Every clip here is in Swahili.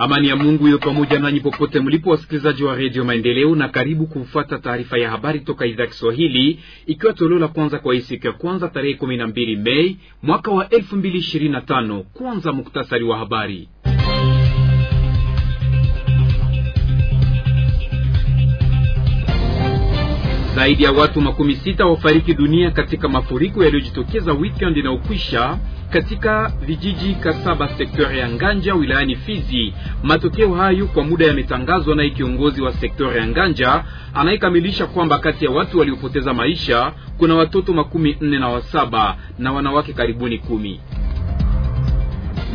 Amani ya Mungu iwe pamoja nanyi popote mlipo, wasikilizaji wa redio Maendeleo, na karibu kufuata taarifa ya habari toka idhaa ya Kiswahili, ikiwa toleo la kwanza kwa hii siku ya kwanza tarehe 12 Mei mwaka wa 2025. Kwanza muktasari wa habari. Zaidi ya watu makumi sita wafariki dunia katika mafuriko yaliyojitokeza wikendi inayokwisha katika vijiji Kasaba, sekta ya Nganja wilayani Fizi. Matokeo hayo kwa muda yametangazwa naye kiongozi wa sekta ya Nganja anayekamilisha kwamba kati ya watu waliopoteza maisha kuna watoto makumi nne na wasaba na wanawake karibuni kumi.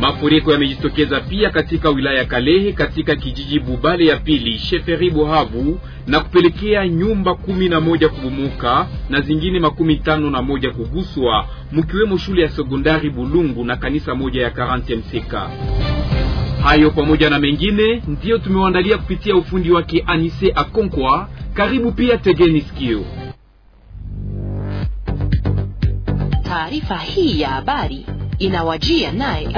Mafuriko yamejitokeza pia katika wilaya ya Kalehe katika kijiji Bubale ya pili sheferi Buhavu na kupelekea nyumba kumi na moja kubomoka na zingine makumi tano na moja kuguswa mkiwemo shule ya sekondari Bulungu na kanisa moja ya Karante Mseka. Hayo pamoja na mengine ndiyo tumewaandalia kupitia ufundi wake Anise Akonkwa. Karibu pia, tegeni sikio taarifa hii ya habari inawajia naye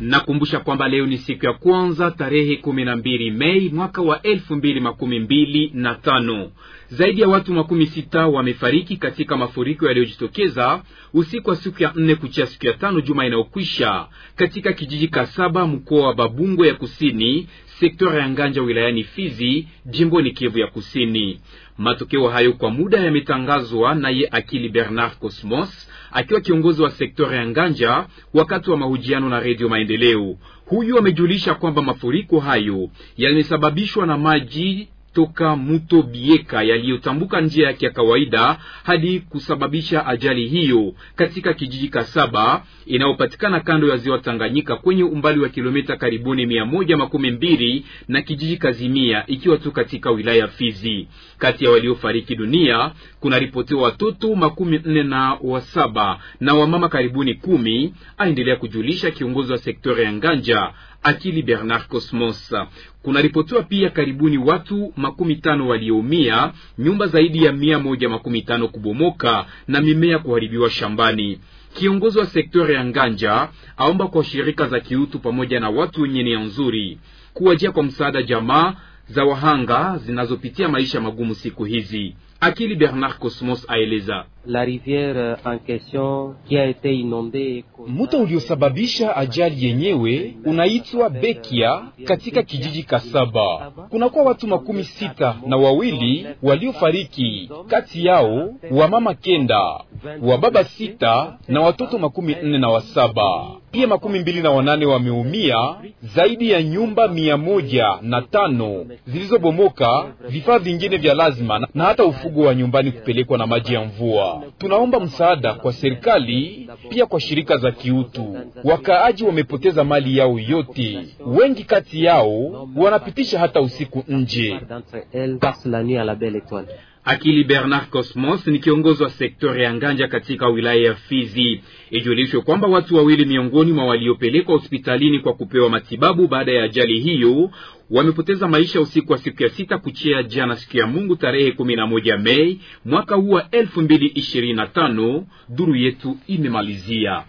Nakumbusha kwamba leo ni siku ya kwanza tarehe 12 Mei mwaka wa 2025. Zaidi ya watu makumi sita wamefariki katika mafuriko yaliyojitokeza usiku wa siku ya nne kuchia siku ya tano juma inayokwisha katika kijiji Kasaba, mkoa wa Babungo ya Kusini, sektora ya Nganja wilayani Fizi jimboni Kivu ya Kusini. Matokeo hayo kwa muda yametangazwa naye Akili Bernard Cosmos akiwa kiongozi wa sektora ya Nganja wakati wa mahojiano na Redio Maendeleo. Huyu amejulisha kwamba mafuriko hayo yamesababishwa na maji toka mto Bieka yaliyotambuka njia yake ya kawaida hadi kusababisha ajali hiyo katika kijiji saba inayopatikana kando ya ziwa Tanganyika kwenye umbali wa kilomita karibuni mia moja makumi mbili na kijiji Kazimia ikiwa tu katika wilaya Fizi. Kati ya waliofariki dunia kuna ripotiwa watoto makumi nne na wasaba na wamama karibuni kumi, aendelea kujulisha kiongozi wa sektori ya Nganja Akili Bernard Cosmos. Kunaripotiwa pia karibuni watu makumi tano walioumia, nyumba zaidi ya mia moja makumi tano kubomoka na mimea kuharibiwa shambani. Kiongozi wa sektori ya Nganja aomba kwa shirika za kiutu pamoja na watu wenye nia nzuri kuwajia kwa msaada jamaa za wahanga zinazopitia maisha magumu siku hizi. Akili Bernard Cosmos aeleza la rivière euh, en question qui a été inondée. Mto uliosababisha ajali yenyewe unaitwa Bekia katika kijiji Kasaba. Kunakuwa watu makumi sita na wawili waliofariki, kati yao wamama kenda wa baba sita na watoto makumi nne na wasaba pia makumi mbili na wanane wameumia. Zaidi ya nyumba mia moja na tano zilizobomoka, vifaa vingine vya lazima na hata ufugo wa nyumbani kupelekwa na maji ya mvua. Tunaomba msaada kwa serikali, pia kwa shirika za kiutu. Wakaaji wamepoteza mali yao yote, wengi kati yao wanapitisha hata usiku nje. Akili Bernard Cosmos ni kiongozi wa sektori ya Nganja katika wilaya ya Fizi. Ijulishwe kwamba watu wawili miongoni mwa waliopelekwa hospitalini kwa kupewa matibabu baada ya ajali hiyo wamepoteza maisha usiku wa siku ya sita kuchia jana siku ya Mungu tarehe 11 Mei mwaka huu wa 2025, duru yetu imemalizia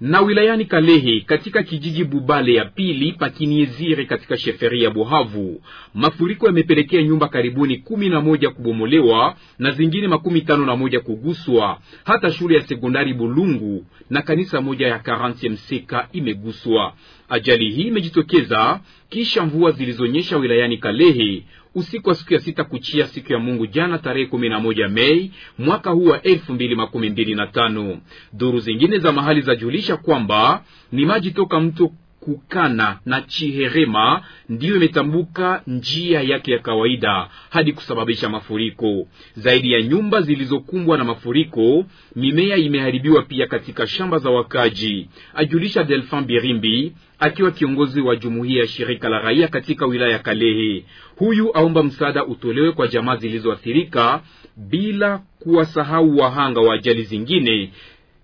na wilayani Kalehe katika kijiji Bubale ya pili Pakiniezire katika sheferi ya Buhavu. Mafuriko yamepelekea nyumba karibuni kumi na moja kubomolewa na zingine makumi tano na moja kuguswa. Hata shule ya sekondari Bulungu na kanisa moja ya Karanti Mseka imeguswa. Ajali hii imejitokeza kisha mvua zilizonyesha wilayani Kalehe usiku wa siku ya sita kuchia siku ya Mungu jana tarehe kumi na moja Mei mwaka huu wa elfu mbili makumi mbili na tano. Duru zingine za mahali zajulisha kwamba ni maji toka mto kukana na chiherema ndiyo imetambuka njia yake ya kawaida hadi kusababisha mafuriko. Zaidi ya nyumba zilizokumbwa na mafuriko, mimea imeharibiwa pia katika shamba za wakaji, ajulisha Delfin Birimbi akiwa kiongozi wa jumuiya ya shirika la raia katika wilaya ya Kalehe. Huyu aomba msaada utolewe kwa jamaa zilizoathirika bila kuwasahau wahanga wa ajali zingine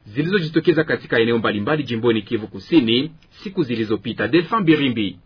zilizojitokeza katika eneo mbalimbali jimboni Kivu Kusini siku zilizopita. Delfin Birimbi.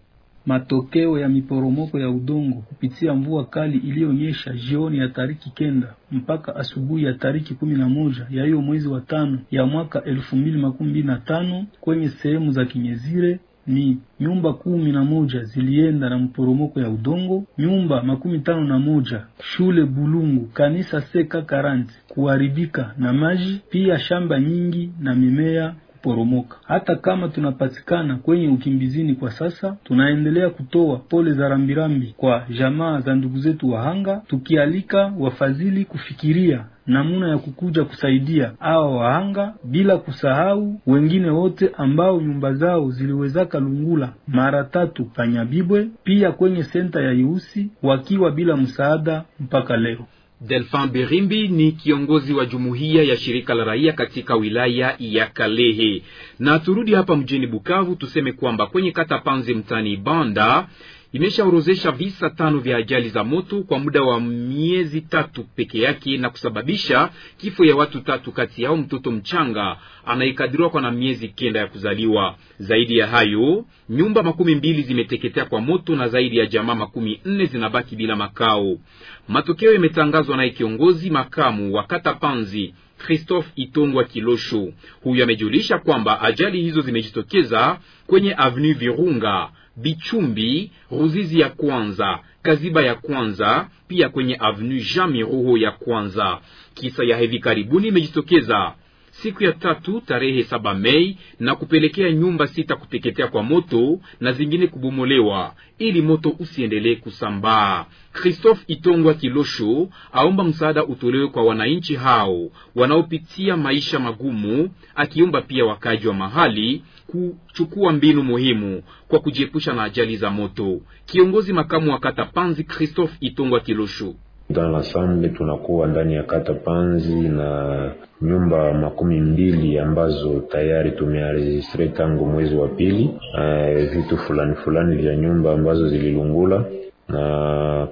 Matokeo ya miporomoko ya udongo kupitia mvua kali iliyonyesha jioni ya tariki kenda mpaka asubuhi ya tariki kumi na moja ya hiyo mwezi wa tano ya mwaka elfu mbili makumi mbili na tano kwenye sehemu za Kinyezire, ni nyumba kumi na moja zilienda na mporomoko ya udongo, nyumba makumi tano na moja shule Bulungu, kanisa seka karanti kuharibika na maji, pia shamba nyingi na mimea poromoka. Hata kama tunapatikana kwenye ukimbizini kwa sasa, tunaendelea kutoa pole za rambirambi kwa jamaa za ndugu zetu wahanga, tukialika wafadhili kufikiria namna ya kukuja kusaidia awa wahanga, bila kusahau wengine wote ambao nyumba zao ziliwezaka lungula mara tatu Panyabibwe, pia kwenye senta ya Iusi wakiwa bila msaada mpaka leo. Delfin Berimbi ni kiongozi wa jumuiya ya shirika la raia katika wilaya ya Kalehe. Na turudi hapa mjini Bukavu, tuseme kwamba kwenye kata Panzi mtani Banda imeshaorozesha visa tano vya ajali za moto kwa muda wa miezi tatu peke yake na kusababisha kifo ya watu tatu, kati yao mtoto mchanga anayekadiriwa kwa na miezi kenda ya kuzaliwa. Zaidi ya hayo, nyumba makumi mbili zimeteketea kwa moto na zaidi ya jamaa makumi nne zinabaki bila makao. Matokeo yametangazwa naye kiongozi makamu wa kata Panzi Christophe Itongwa Kilosho. Huyu amejulisha kwamba ajali hizo zimejitokeza kwenye Avenue Virunga Bichumbi, Ruzizi ya kwanza, Kaziba ya kwanza, pia kwenye avenue Jean Miruho ya kwanza. Kisa ya hivi karibuni imejitokeza siku ya tatu tarehe saba Mei na kupelekea nyumba sita kuteketea kwa moto na zingine kubomolewa ili moto usiendelee kusambaa. Christophe Itongwa Kilosho aomba msaada utolewe kwa wananchi hao wanaopitia maisha magumu, akiomba pia wakaji wa mahali kuchukua mbinu muhimu kwa kujiepusha na ajali za moto. Kiongozi makamu wa kata Panzi Christophe Itongwa Kilosho Dans l'ensemble tunakuwa ndani ya kata Panzi na nyumba makumi mbili ambazo tayari tumearejistre tangu mwezi wa pili. E, vitu fulani fulani vya nyumba ambazo zililungula na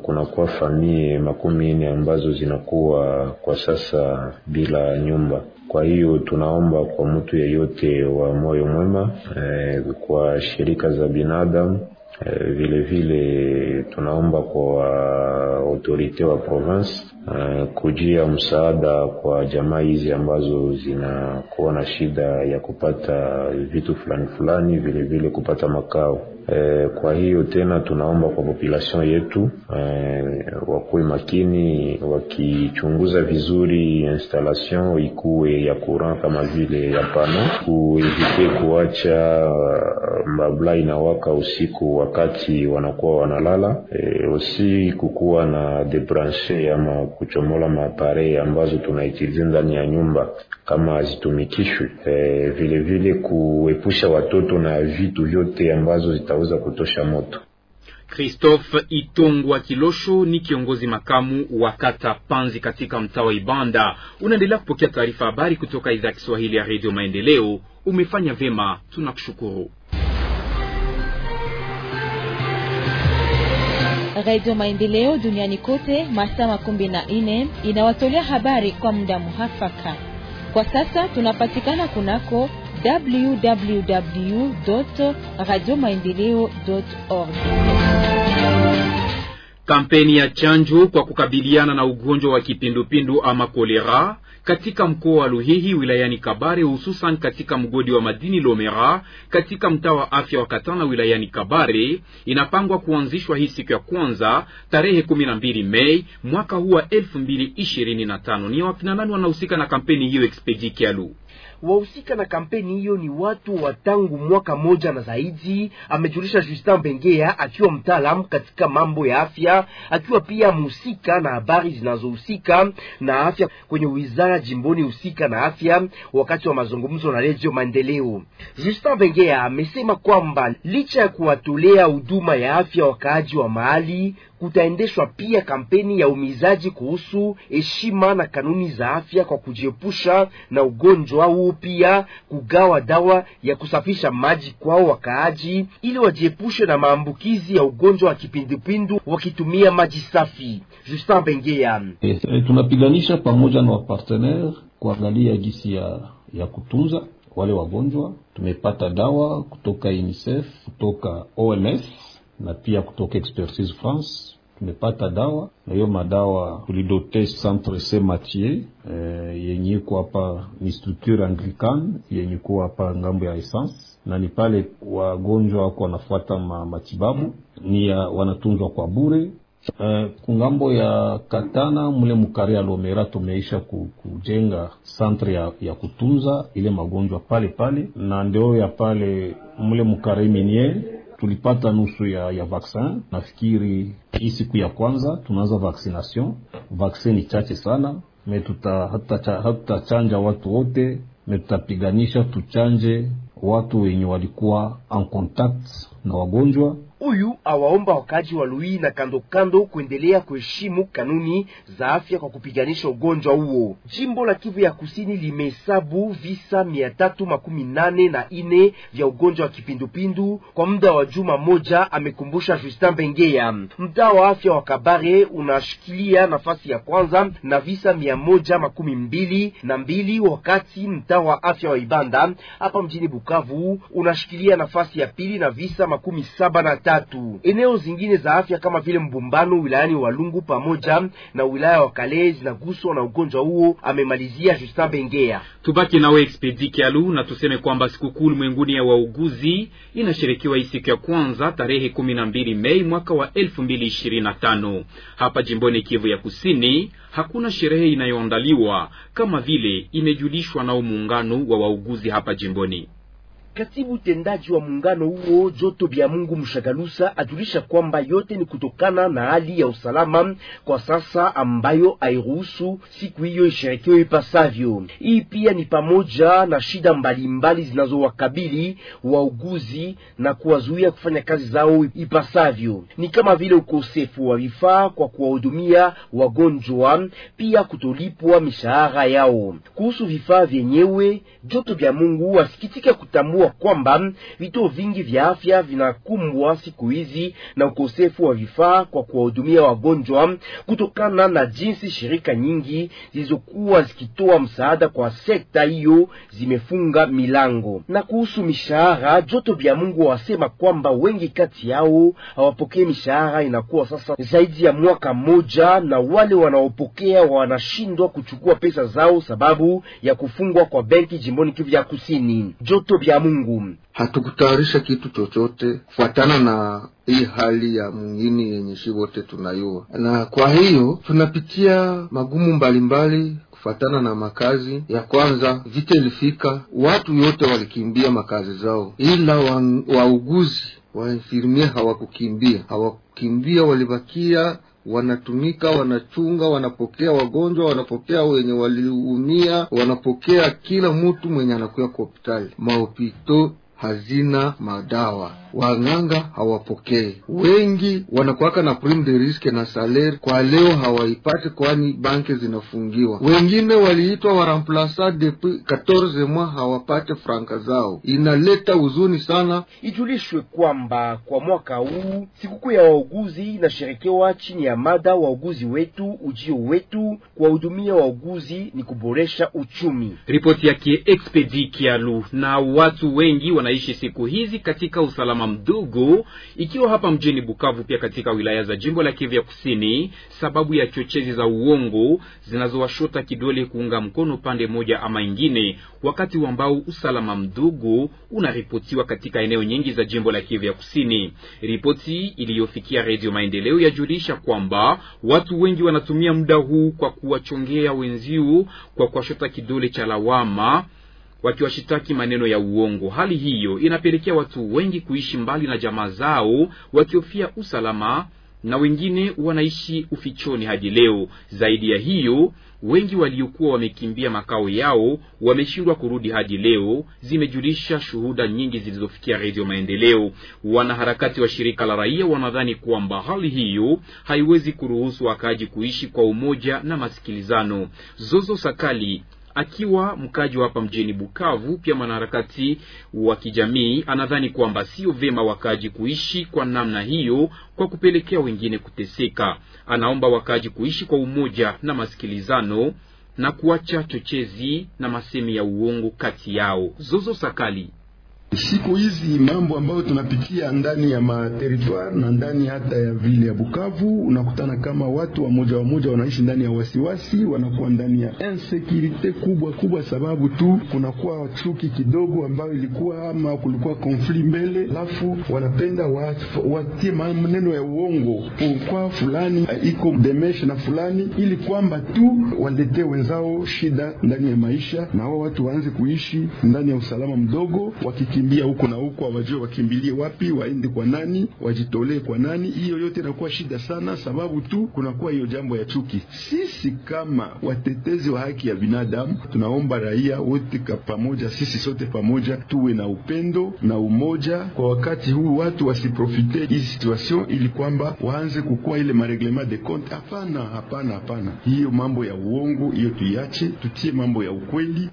kunakuwa famie makumi nne ambazo zinakuwa kwa sasa bila nyumba. Kwa hiyo tunaomba kwa mtu yeyote wa moyo mwema, e, kwa shirika za binadamu Eh, vile vile tunaomba kwa uh, autorite wa province uh, kujia msaada kwa jamaa hizi ambazo zinakuwa na shida ya kupata vitu fulani fulani, vile vile kupata makao. E, kwa hiyo tena tunaomba kwa population yetu e, wakuwe makini wakichunguza vizuri installation ikuwe ya courant kama vile ya pano, kuevite kuacha mabla inawaka usiku wakati wanakuwa wanalala e, kukuwa na debranche ama kuchomola maapare ambazo tunaitilize ndani ya nyumba kama hazitumikishwi e, vile vile kuepusha watoto na vitu vyote ambazo zita itaweza kutosha moto. Christophe Itongwa Kilosho ni kiongozi makamu wa kata Panzi katika mtaa wa Ibanda. Unaendelea kupokea taarifa habari kutoka idhaa Kiswahili ya Radio Maendeleo. Umefanya vyema, tunakushukuru. Radio Maendeleo duniani kote masaa makumi na nne inawatolea habari kwa muda muhafaka. Kwa sasa tunapatikana kunako www radio maendeleo org. Kampeni ya chanjo kwa kukabiliana na ugonjwa wa kipindupindu ama kolera katika mkoa wa Luhihi wilayani Kabare, hususan katika mgodi wa madini Lomera katika mtaa wa afya wa Katana wilayani Kabare inapangwa kuanzishwa hii siku ya kwanza tarehe 12 Mei mwaka huu wa 2025. Ni wakina nani wanahusika na kampeni hiyo? Expedi Kialu Wahusika na kampeni hiyo ni watu wa tangu mwaka moja na zaidi, amejulisha Justin Bengea, akiwa mtaalamu katika mambo ya afya, akiwa pia mhusika na habari zinazohusika na afya kwenye wizara jimboni husika na afya. Wakati wa mazungumzo na Radio Maendeleo, Justin Bengea amesema kwamba licha ya kuwatolea huduma ya afya wakaaji wa mahali kutaendeshwa pia kampeni ya umizaji kuhusu heshima na kanuni za afya kwa kujiepusha na ugonjwa huu, pia kugawa dawa ya kusafisha maji kwao wakaaji, ili wajiepushe na maambukizi ya ugonjwa wa kipindupindu wakitumia maji safi. Justin Bengea: e, eh, eh, tunapiganisha pamoja na wapartenere kuangalia gisi ya, ya kutunza wale wagonjwa. Tumepata dawa kutoka UNICEF kutoka OMS na pia kutoka Expertise France tumepata dawa na hiyo madawa tulidote centre Saint Mathieu e, yenye iko hapa ni structure anglicane yenye kuwa hapa ngambo ya essence na ni pale wagonjwa wako wanafuata ma, matibabu ni ya wanatunzwa kwa bure. Uh, eh, kungambo ya Katana mule mkare Lomera tumeisha kujenga centre ya, ya kutunza ile magonjwa pale pale, na ndio ya pale mule mkare Minie tulipata nusu ya ya vaccin Nafikiri hii siku ya kwanza tunaanza vaccination, vaksin ni chache sana me hatutachanja hatuta watu wote me tutapiganisha tuchanje watu wenye walikuwa en contact na wagonjwa Huyu awaomba wakaji wa Lui na kando kando kuendelea kuheshimu kanuni za afya kwa kupiganisha ugonjwa huo. Jimbo la Kivu ya Kusini limehesabu visa mia tatu makumi nane na ine vya ugonjwa wa kipindupindu kwa muda wa juma moja, amekumbusha Justin Bengea. Mtaa wa afya wa Kabare unashikilia nafasi ya kwanza na visa mia moja makumi mbili na mbili wakati mtaa wa afya wa Ibanda hapa mjini Bukavu unashikilia nafasi ya pili na visa makumi saba na tatu. Eneo zingine za afya kama vile Mbumbano wilayani Walungu pamoja na wilaya wa Kale zinaguswa na ugonjwa huo, amemalizia Justin Bengea. Tubaki nawe Expedi Kialu na tuseme kwamba sikukuu ulimwenguni ya wauguzi inasherekewa hii siku ya kwanza tarehe kumi na mbili Mei mwaka wa elfu mbili ishirini na tano hapa jimboni Kivu ya Kusini. Hakuna sherehe inayoandaliwa kama vile imejulishwa nao muungano wa wauguzi hapa jimboni. Katibu tendaji wa muungano huo Joto Bya Mungu Mshagalusa ajulisha kwamba yote ni kutokana na hali ya usalama kwa sasa ambayo hairuhusu siku hiyo isherekewe ipasavyo. Hii pia ni pamoja na shida mbalimbali zinazowakabili wauguzi na kuwazuia kufanya kazi zao ipasavyo, ni kama vile ukosefu wa vifaa kwa kuwahudumia wagonjwa, pia kutolipwa mishahara yao. Kuhusu vifaa vyenyewe, Joto Bya Mungu asikitika kutambua Kumbuka kwamba vituo vingi vya afya vinakumbwa siku hizi na ukosefu wa vifaa kwa kuwahudumia wagonjwa kutokana na jinsi shirika nyingi zilizokuwa zikitoa msaada kwa sekta hiyo zimefunga milango. Na kuhusu mishahara, joto vya Mungu wasema kwamba wengi kati yao hawapokee mishahara, inakuwa sasa zaidi ya mwaka mmoja, na wale wanaopokea wanashindwa kuchukua pesa zao sababu ya kufungwa kwa benki jimboni Kivu ya Kusini. Joto vya Mungu Mungu. Hatukutayarisha kitu chochote kufuatana na hii hali ya mwingine yenye shi wote tunayua, na kwa hiyo tunapitia magumu mbalimbali mbali kufatana na makazi ya kwanza, vita ilifika, watu yote walikimbia makazi zao, ila wauguzi wainfirmie hawakukimbia, hawakukimbia, walibakia wanatumika, wanachunga, wanapokea wagonjwa, wanapokea wenye waliumia, wanapokea kila mtu mwenye anakuya kwa hospitali. Mahopito hazina madawa waganga hawapokee. Wengi wanakuwaka na prime de risque na salaire kwa leo hawaipati, kwani banki zinafungiwa. Wengine waliitwa waramplasat depuis 14 mois hawapate franka zao, inaleta huzuni sana. Ijulishwe kwamba kwa mwaka huu sikukuu ya wauguzi inasherekewa chini ya mada wauguzi wetu ujio wetu. Kuwahudumia wauguzi ni kuboresha uchumi. Ripoti yake Expedi Kialu. Na watu wengi wanaishi siku hizi katika usalama kama mdugu, ikiwa hapa mjini Bukavu, pia katika wilaya za jimbo la Kivu ya Kusini, sababu ya chochezi za uongo zinazowashota kidole kuunga mkono pande moja ama ingine, wakati ambao usalama mdugu unaripotiwa katika eneo nyingi za jimbo la Kivu ya Kusini. Ripoti iliyofikia Redio Maendeleo yajulisha kwamba watu wengi wanatumia muda huu kwa kuwachongea wenziu kwa kuwashota kidole cha lawama wakiwashitaki maneno ya uongo. Hali hiyo inapelekea watu wengi kuishi mbali na jamaa zao wakihofia usalama na wengine wanaishi ufichoni hadi leo. Zaidi ya hiyo, wengi waliokuwa wamekimbia makao yao wameshindwa kurudi hadi leo, zimejulisha shuhuda nyingi zilizofikia Redio Maendeleo. Wanaharakati wa shirika la raia wanadhani kwamba hali hiyo haiwezi kuruhusu wakaaji kuishi kwa umoja na masikilizano. Zozo Sakali akiwa mkaji wa hapa mjini Bukavu, pia mwanaharakati wa kijamii, anadhani kwamba sio vema wakaji kuishi kwa namna hiyo kwa kupelekea wengine kuteseka. Anaomba wakaji kuishi kwa umoja na masikilizano na kuacha chochezi na masemi ya uongo kati yao. Zozo Sakali Siku hizi mambo ambayo tunapitia ndani ya materitware na ndani hata ya vile ya Bukavu, unakutana kama watu wamoja wamoja wanaishi ndani ya wasiwasi, wanakuwa ndani ya insecurity kubwa kubwa, sababu tu kunakuwa chuki kidogo ambayo ilikuwa ama kulikuwa konfli mbele, alafu wanapenda watie maneno ya uongo kwa fulani eh, iko demesh na fulani, ili kwamba tu waletee wenzao shida ndani ya maisha, na wao watu waanze kuishi ndani ya usalama mdogo wakiki kukimbia huko na huko, hawajue wakimbilie wapi, waende kwa nani, wajitolee kwa nani. Hiyo yote inakuwa shida sana, sababu tu kunakuwa hiyo jambo ya chuki. Sisi kama watetezi wa haki ya binadamu tunaomba raia wote pamoja, sisi sote pamoja, tuwe na upendo na umoja kwa wakati huu, watu wasiprofite hii situation ili kwamba waanze kukua ile mareglement de compte. Hapana, hapana, hapana, hiyo mambo ya uongo hiyo tuiache, tutie mambo ya ukweli.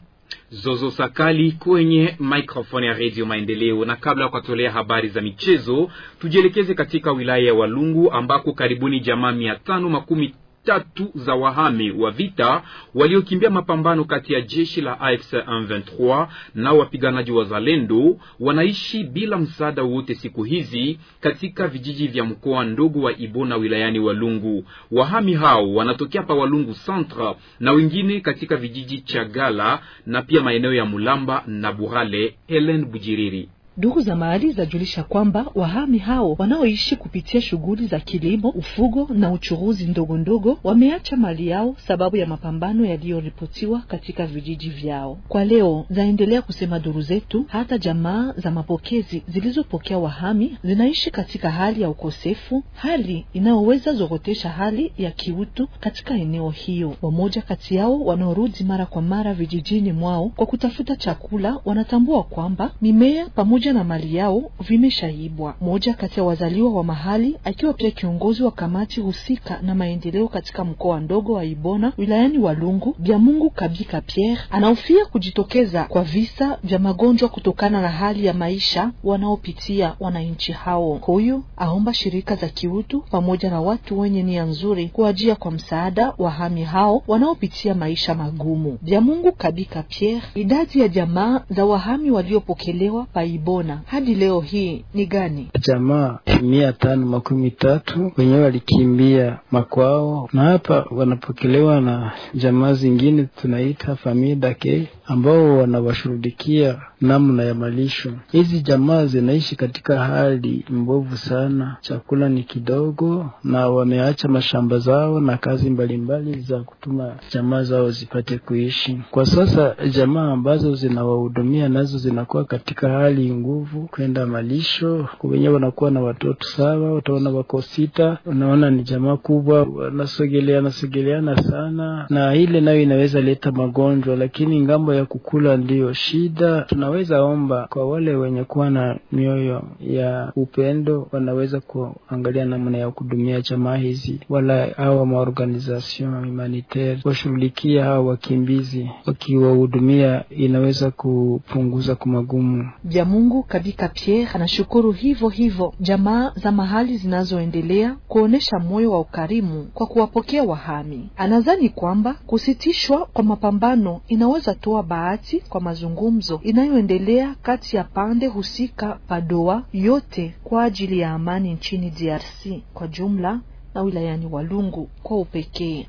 Zozo Sakali kwenye microphone ya Redio Maendeleo. Na kabla ya kuwatolea habari za michezo, tujielekeze katika wilaya ya Walungu ambako karibuni jamaa mia tano makumi tatu za wahami wa vita waliokimbia mapambano kati ya jeshi la AFC M23 na wapiganaji wa Zalendo wanaishi bila msaada wote siku hizi katika vijiji vya mkoa ndogo wa Ibona wilayani Walungu. Wahami hao wanatokea pa Walungu Centre na wengine katika vijiji cha Gala na pia maeneo ya Mulamba na Burale. Helen Bujiriri Duru za mahali zajulisha kwamba wahami hao wanaoishi kupitia shughuli za kilimo, ufugo na uchuruzi ndogo ndogo wameacha mali yao sababu ya mapambano yaliyoripotiwa katika vijiji vyao. Kwa leo zaendelea kusema duru zetu, hata jamaa za mapokezi zilizopokea wahami zinaishi katika hali ya ukosefu, hali inayoweza zorotesha hali ya kiutu katika eneo hiyo. Wamoja kati yao wanaorudi mara kwa mara vijijini mwao kwa kutafuta chakula wanatambua kwamba mimea pamoja pamoja na mali yao vimeshaibwa. moja kati ya wazaliwa wa mahali akiwa pia kiongozi wa kamati husika na maendeleo katika mkoa ndogo wa Ibona wilayani Walungu, Byamungu Kabika Pierre anaofia kujitokeza kwa visa vya magonjwa kutokana na hali ya maisha wanaopitia wananchi hao. Huyu aomba shirika za kiutu pamoja na watu wenye nia nzuri kuajia kwa msaada wahami hao wanaopitia maisha magumu. biamungu Kabika Pierre, idadi ya jamaa za wahami waliopokelewa pa kuona hadi leo hii ni gani? Jamaa mia tano makumi tatu wenyewe walikimbia makwao, na hapa wanapokelewa na jamaa zingine tunaita famia dake, ambao wanawashurudikia namna ya malisho. Hizi jamaa zinaishi katika hali mbovu sana, chakula ni kidogo, na wameacha mashamba zao na kazi mbalimbali mbali za kutuma jamaa zao zipate kuishi. Kwa sasa jamaa ambazo zinawahudumia nazo zinakuwa katika hali nguvu kwenda malisho. Wenyewe wanakuwa na watoto saba, utaona wako sita. Unaona ni jamaa kubwa, wanasogeleana sogeleana sana, na ile nayo inaweza leta magonjwa, lakini ngambo ya kukula ndiyo shida. Tunaweza omba kwa wale wenye kuwa na mioyo ya upendo, wanaweza kuangalia namna ya kudumia jamaa hizi, wala hawa maorganization humanitaire washughulikia hawa wakimbizi, wakiwahudumia inaweza kupunguza kwa magumu Mungu Mungu Kabika Pierre anashukuru hivyo hivyo jamaa za mahali zinazoendelea kuonesha moyo wa ukarimu kwa kuwapokea wahami. Anadhani kwamba kusitishwa kwa mapambano inaweza toa bahati kwa mazungumzo inayoendelea kati ya pande husika padoa yote kwa ajili ya amani nchini DRC kwa jumla na wilayani Walungu kwa upekee.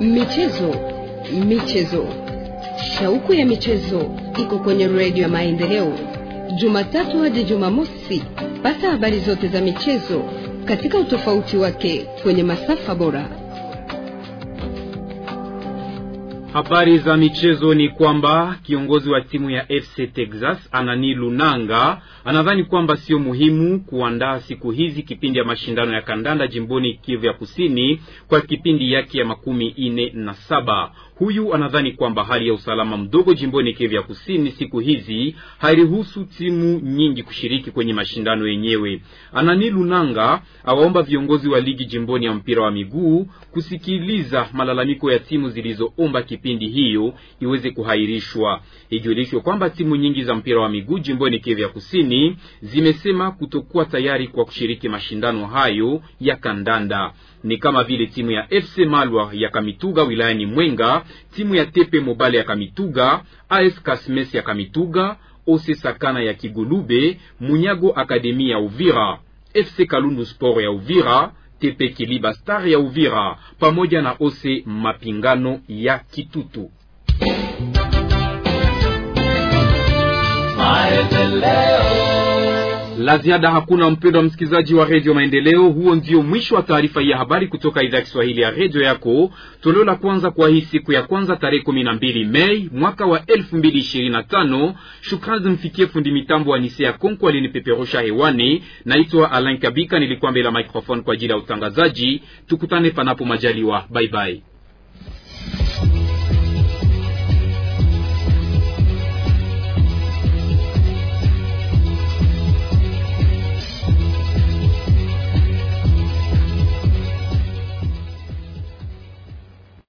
Michezo, michezo, shauku ya michezo iko kwenye redio ya Maendeleo Jumatatu hadi Jumamosi. Pata habari zote za michezo katika utofauti wake kwenye masafa bora. Habari za michezo ni kwamba kiongozi wa timu ya FC Texas Anani Lunanga anadhani kwamba sio muhimu kuandaa siku hizi kipindi ya mashindano ya kandanda jimboni Kivu ya Kusini kwa kipindi yake ya makumi ine na saba. Huyu anadhani kwamba hali ya usalama mdogo jimboni Kivu ya Kusini siku hizi hairuhusu timu nyingi kushiriki kwenye mashindano yenyewe. Anani Lunanga awaomba viongozi wa ligi jimboni ya mpira wa miguu kusikiliza malalamiko ya timu zilizoomba kipindi hiyo iweze kuhairishwa. Ijulishwe kwamba timu nyingi za mpira wa miguu jimboni Kivu ya Kusini zimesema kutokuwa tayari kwa kushiriki mashindano hayo ya kandanda ni kama vile timu ya FC Malwa ya Kamituga wilayani Mwenga, timu ya Tepe Mobale ya Kamituga, AS Kasmes ya Kamituga, Ose Sakana ya Kigulube, Munyago Akademi ya Uvira, FC Kalundu Sport ya Uvira, Tepe Kiliba Star ya Uvira pamoja na Ose Mapingano ya Kitutu. La ziada hakuna, mpendo wa msikilizaji wa redio Maendeleo. Huo ndio mwisho wa taarifa ya habari kutoka idhaa ya Kiswahili ya redio yako, toleo la kwanza kwa hii siku ya kwanza tarehe 12 Mei mwaka wa 2025. Shukrani zimfikie fundi mitambo wa Nise ya Konko alinipeperusha hewani. Naitwa Alain Kabika, nilikuwa mbele ya microphone kwa ajili ya utangazaji. Tukutane panapo majaliwa, bye bye.